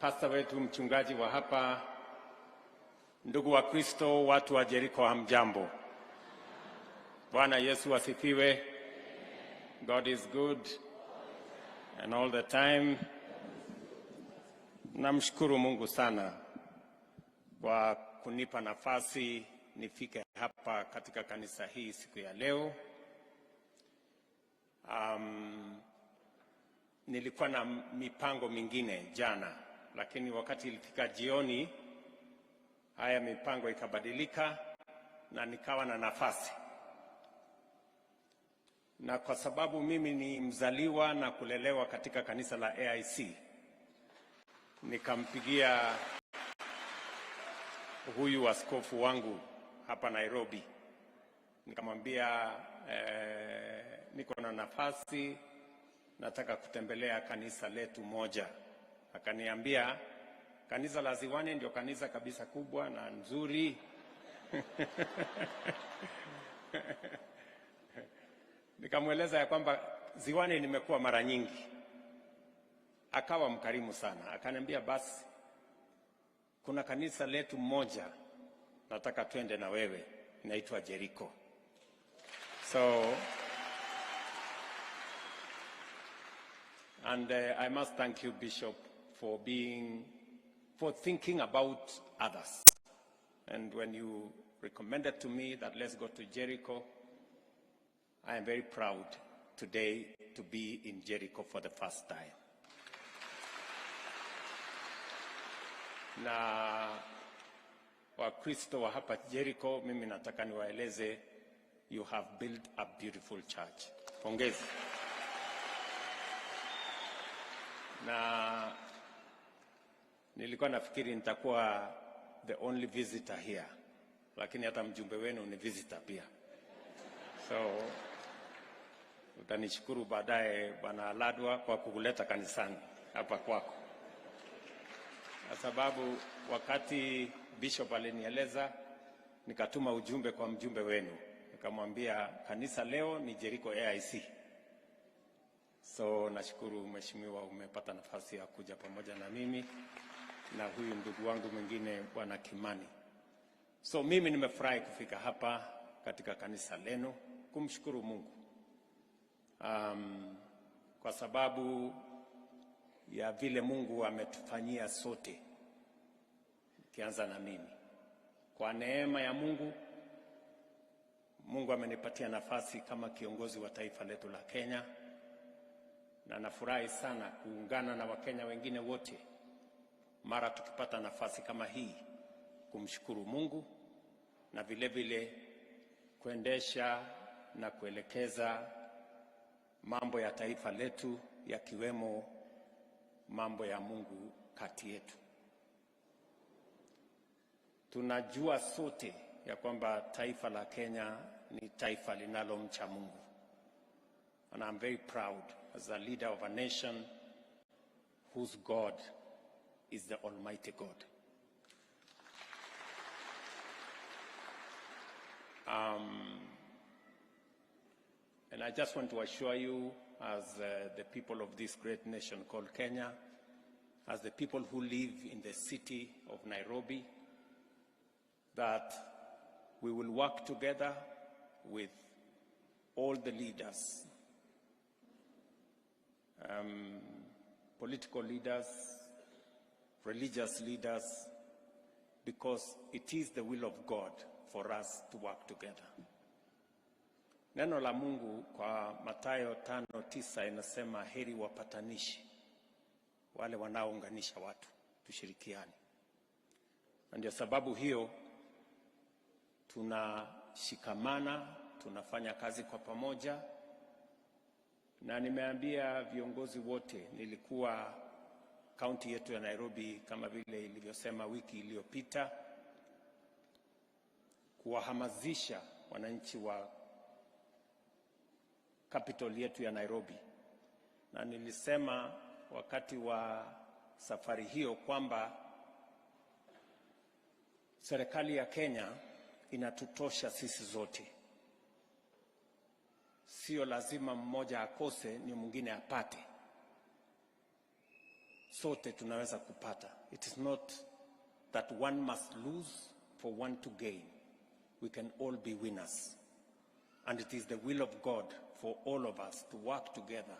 pasta wetu mchungaji wa hapa, ndugu wa Kristo, watu wa Jeriko, hamjambo? Bwana Yesu asifiwe. God is good and all the time. Namshukuru Mungu sana kwa kunipa nafasi nifike hapa katika kanisa hii siku ya leo. Um, nilikuwa na mipango mingine jana lakini wakati ilifika jioni, haya mipango ikabadilika na nikawa na nafasi, na kwa sababu mimi ni mzaliwa na kulelewa katika kanisa la AIC, nikampigia huyu askofu wangu hapa Nairobi, nikamwambia eh, niko na nafasi, nataka kutembelea kanisa letu moja akaniambia kanisa la Ziwani ndio kanisa kabisa kubwa na nzuri nikamweleza ya kwamba Ziwani nimekuwa mara nyingi. Akawa mkarimu sana, akaniambia basi, kuna kanisa letu moja nataka twende na wewe, inaitwa Jericho. So and uh, I must thank you Bishop for being, for thinking about others. And when you recommended to me that let's go to Jericho, I am very proud today to be in Jericho for the first time. Na Wakristo wa hapa Jericho, mimi nataka niwaeleze, you have built a beautiful church. Pongezi. Na Nilikuwa nafikiri nitakuwa the only visitor here, lakini hata mjumbe wenu ni visitor pia, so utanishukuru baadaye, Bwana Ladwa, kwa kukuleta kanisani hapa kwako, kwa sababu wakati bishop alinieleza, nikatuma ujumbe kwa mjumbe wenu, nikamwambia kanisa leo ni Jericho AIC. So nashukuru mheshimiwa, umepata nafasi ya kuja pamoja na mimi na huyu ndugu wangu mwingine bwana Kimani. So mimi nimefurahi kufika hapa katika kanisa lenu kumshukuru Mungu um, kwa sababu ya vile Mungu ametufanyia sote, ukianza na mimi. Kwa neema ya Mungu, Mungu amenipatia nafasi kama kiongozi wa taifa letu la Kenya, na nafurahi sana kuungana na Wakenya wengine wote mara tukipata nafasi kama hii kumshukuru Mungu na vile vile kuendesha na kuelekeza mambo ya taifa letu yakiwemo mambo ya Mungu kati yetu. Tunajua sote ya kwamba taifa la Kenya ni taifa linalomcha Mungu. And I'm very proud as a leader of a nation whose God is the Almighty God. Um, and I just want to assure you, as uh, the people of this great nation called Kenya, as the people who live in the city of Nairobi, that we will work together with all the leaders, um, political leaders, religious leaders, because it is the will of God for us to work together. Neno la Mungu kwa Mathayo tano tisa inasema heri wapatanishi, wale wanaounganisha watu, tushirikiane. Na ndio sababu hiyo tunashikamana, tunafanya kazi kwa pamoja, na nimeambia viongozi wote, nilikuwa kaunti yetu ya Nairobi kama vile ilivyosema wiki iliyopita, kuwahamasisha wananchi wa capital yetu ya Nairobi, na nilisema wakati wa safari hiyo kwamba serikali ya Kenya inatutosha sisi zote, sio lazima mmoja akose ni mwingine apate. sote tunaweza kupata. It is not that one must lose for one to gain. We can all be winners. And it is the will of God for all of us to work together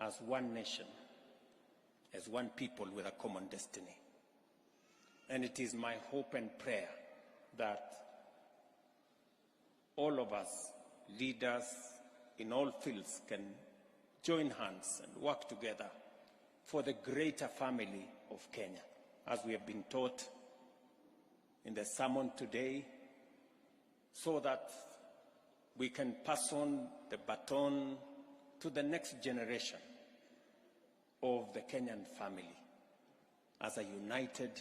as one nation, as one people with a common destiny. And it is my hope and prayer that all of us, leaders in all fields, can join hands and work together for the greater family of Kenya. As we have been taught in the sermon today, so that we can pass on the baton to the next generation of the Kenyan family as a united,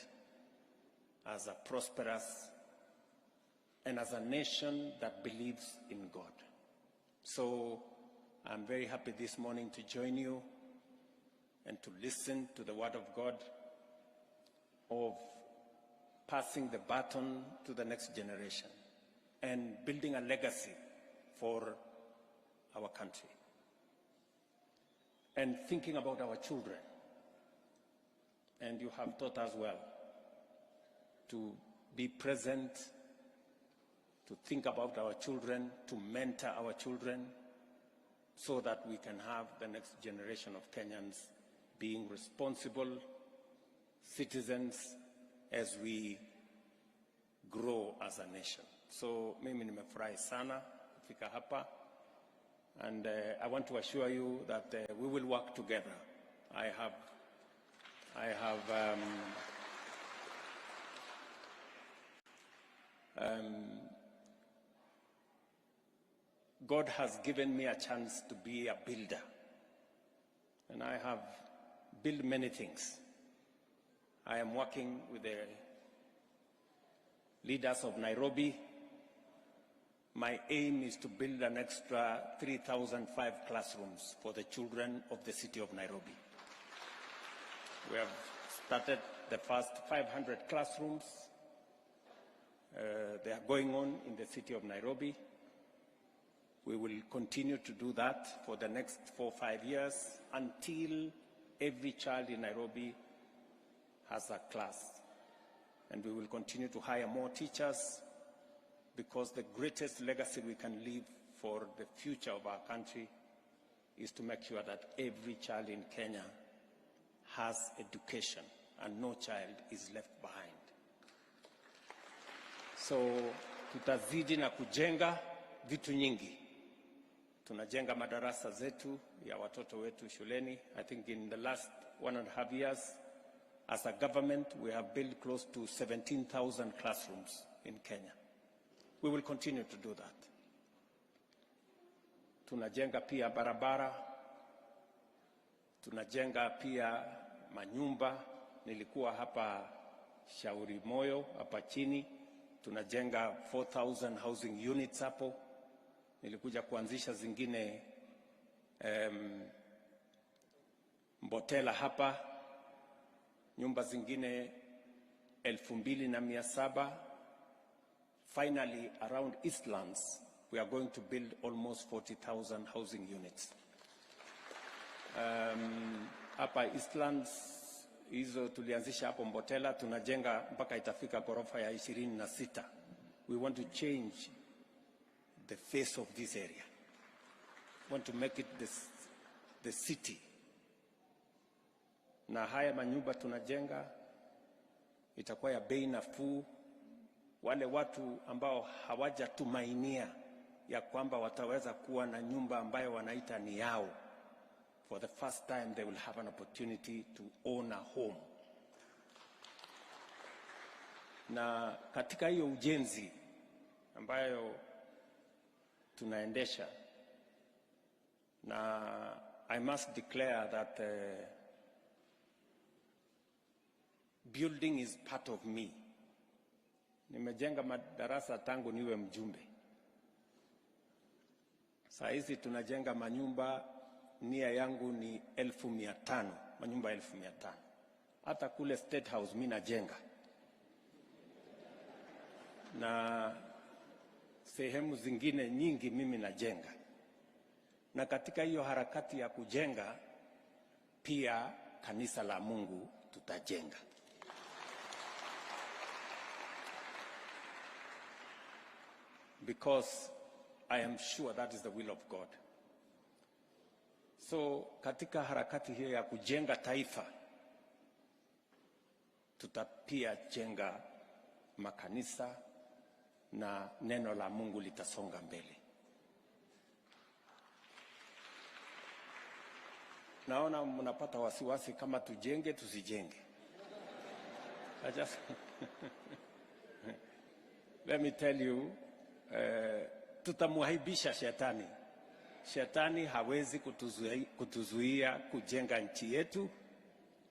as a prosperous, and as a nation that believes in God. So I'm very happy this morning to join you and to listen to the word of God, of passing the baton to the next generation and building a legacy for our country and thinking about our children. And you have taught us well to be present, to think about our children, to mentor our children, so that we can have the next generation of Kenyans being responsible citizens as we grow as a nation. So mimi nimefurahi sana kufika hapa and uh, I want to assure you that uh, we will work together. I have, I have um, um, God has given me a chance to be a builder and I have build many things. I am working with the leaders of Nairobi. My aim is to build an extra 3,005 classrooms for the children of the city of Nairobi. We have started the first 500 classrooms. Uh, they are going on in the city of Nairobi. We will continue to do that for the next four, five years until Every child in Nairobi has a class. And we will continue to hire more teachers because the greatest legacy we can leave for the future of our country is to make sure that every child in Kenya has education and no child is left behind. So tutazidi na kujenga vitu nyingi tunajenga madarasa zetu ya watoto wetu shuleni. I think in the last one and a half years as a government we have built close to 17,000 classrooms in Kenya. We will continue to do that. Tunajenga pia barabara, tunajenga pia manyumba. Nilikuwa hapa Shauri Moyo hapa chini, tunajenga 4,000 housing units hapo nilikuja kuanzisha zingine um, Mbotela hapa, nyumba zingine elfu mbili na mia saba. Finally around Eastlands we are going to build almost 40,000 housing units um, hapa Eastlands hizo tulianzisha hapo Mbotela, tunajenga mpaka itafika ghorofa ya ishirini na sita. We want to change the face of this area. Want to make it the, the city. Na haya manyumba tunajenga itakuwa ya bei nafuu. Wale watu ambao hawajatumainia ya kwamba wataweza kuwa na nyumba ambayo wanaita ni yao, for the first time they will have an opportunity to own a home. Na katika hiyo ujenzi ambayo tunaendesha na I must declare that uh, building is part of me. Nimejenga madarasa tangu niwe mjumbe. Saa hizi tunajenga manyumba, nia yangu ni elfu mia tano manyumba elfu mia tano hata kule State House mi najenga na sehemu zingine nyingi mimi najenga, na katika hiyo harakati ya kujenga pia kanisa la Mungu tutajenga. Because I am sure that is the will of God. So katika harakati hiyo ya kujenga taifa tutapia jenga makanisa na neno la Mungu litasonga mbele. Naona mnapata wasiwasi kama tujenge tusijenge. let me tell you uh, eh, tutamwaibisha shetani. Shetani hawezi kutuzuia, kutuzuia kujenga nchi yetu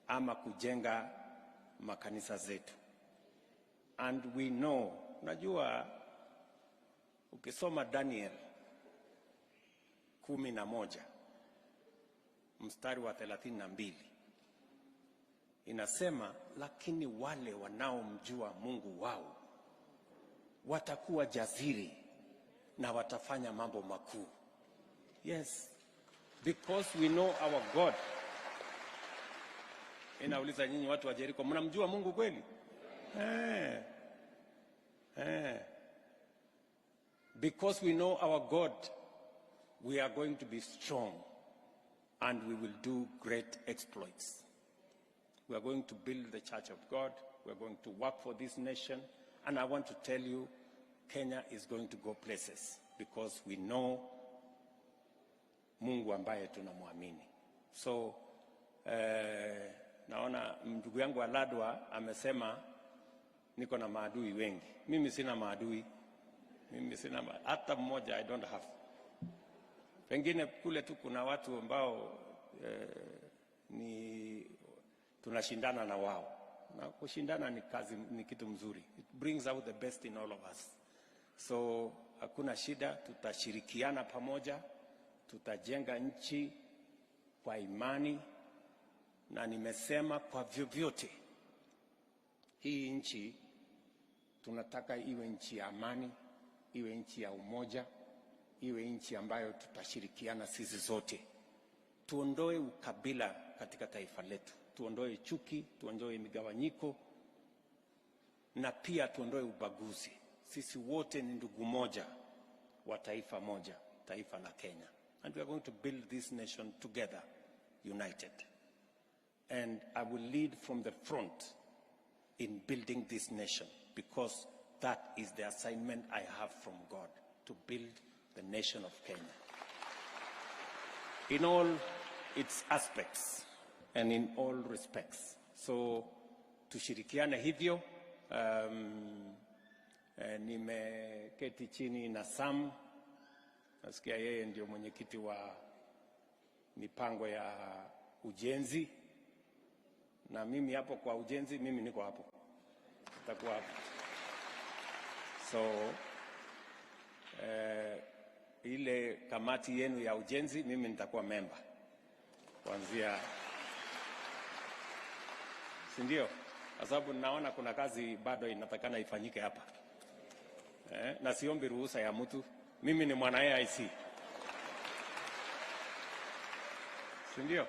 ama kujenga makanisa zetu and we know Unajua, ukisoma Daniel kumi na moja mstari wa thelathini na mbili inasema, lakini wale wanaomjua Mungu wao watakuwa jaziri na watafanya mambo makuu. Yes, because we know our God. Inauliza nyinyi watu wa Jericho, mnamjua Mungu kweli? Eh. Eh. Because we know our God, we are going to be strong and we will do great exploits. We are going to build the church of God. We are going to work for this nation. And I want to tell you, Kenya is going to go places because we know Mungu ambaye tunamwamini. So eh, naona ndugu yangu Aladwa amesema niko na maadui wengi. Mimi sina maadui, mimi sina hata mmoja, I don't have. Pengine kule tu kuna watu ambao eh, ni tunashindana na wao, na kushindana ni kazi, ni kitu mzuri, it brings out the best in all of us. So hakuna shida, tutashirikiana pamoja, tutajenga nchi kwa imani, na nimesema kwa vyovyote hii nchi Tunataka iwe nchi ya amani, iwe nchi ya umoja, iwe nchi ambayo tutashirikiana sisi zote. Tuondoe ukabila katika taifa letu, tuondoe chuki, tuondoe migawanyiko na pia tuondoe ubaguzi. Sisi wote ni ndugu moja wa taifa moja, taifa la Kenya, and we are going to build this nation together united and I will lead from the front in building this nation because that is the assignment I have from God to build the nation of Kenya in all its aspects and in all respects. So tushirikiane hivyo. Um, eh, nimeketi chini na Sam, nasikia yeye ndio mwenyekiti wa mipango ya ujenzi na mimi hapo kwa ujenzi, mimi niko hapo, nitakuwa hapo. So eh, ile kamati yenu ya ujenzi, mimi nitakuwa memba kuanzia, si ndio? Kwa sababu naona kuna kazi bado inatakana ifanyike hapa eh, na siombi ruhusa ya mtu. Mimi ni mwana AIC, si ndio?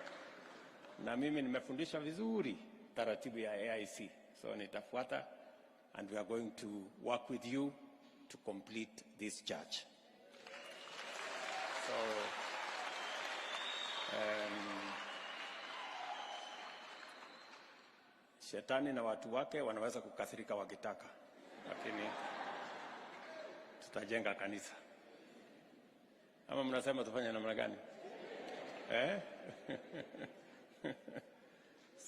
na mimi nimefundisha vizuri taratibu ya AIC, so nitafuata and we are going to work with you to complete this church. So, um, shetani na watu wake wanaweza kukasirika wakitaka, lakini tutajenga kanisa. Ama mnasema tufanye namna gani eh?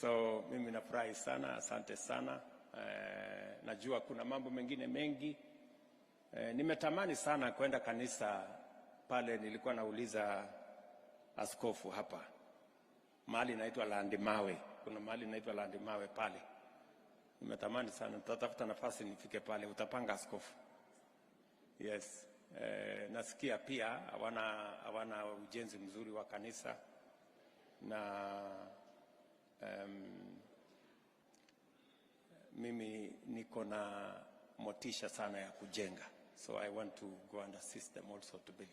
So mimi nafurahi sana, asante sana. Eh, najua kuna mambo mengine mengi eh, nimetamani sana kwenda kanisa pale. Nilikuwa nauliza askofu hapa mahali inaitwa Landimawe, kuna mahali inaitwa Landimawe pale. Nimetamani sana, tutatafuta nafasi nifike pale. Utapanga askofu? Yes. Eh, nasikia pia hawana ujenzi mzuri wa kanisa na um, mimi niko na motisha sana ya kujenga, so I want to go and assist them also to build.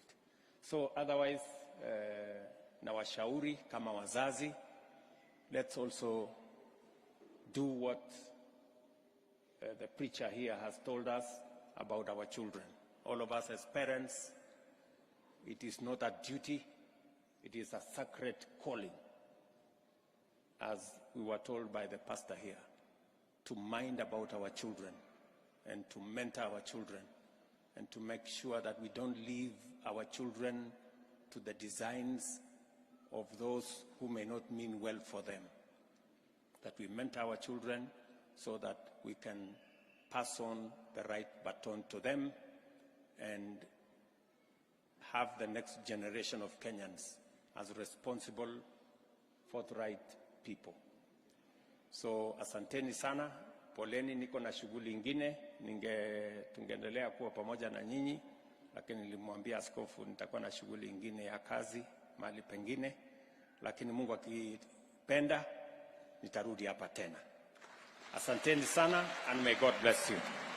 So otherwise uh, eh, na washauri kama wazazi, let's also do what uh, the preacher here has told us about our children. All of us as parents, it is not a duty It is a sacred calling, as we were told by the pastor here, to mind about our children and to mentor our children and to make sure that we don't leave our children to the designs of those who may not mean well for them. That we mentor our children so that we can pass on the right baton to them and have the next generation of Kenyans as responsible, forthright people. So asanteni sana, poleni. Niko na shughuli ingine, tungeendelea kuwa pamoja na nyinyi, lakini nilimwambia askofu nitakuwa na shughuli ingine ya kazi mahali pengine, lakini Mungu akipenda nitarudi hapa tena. Asanteni sana and may God bless you.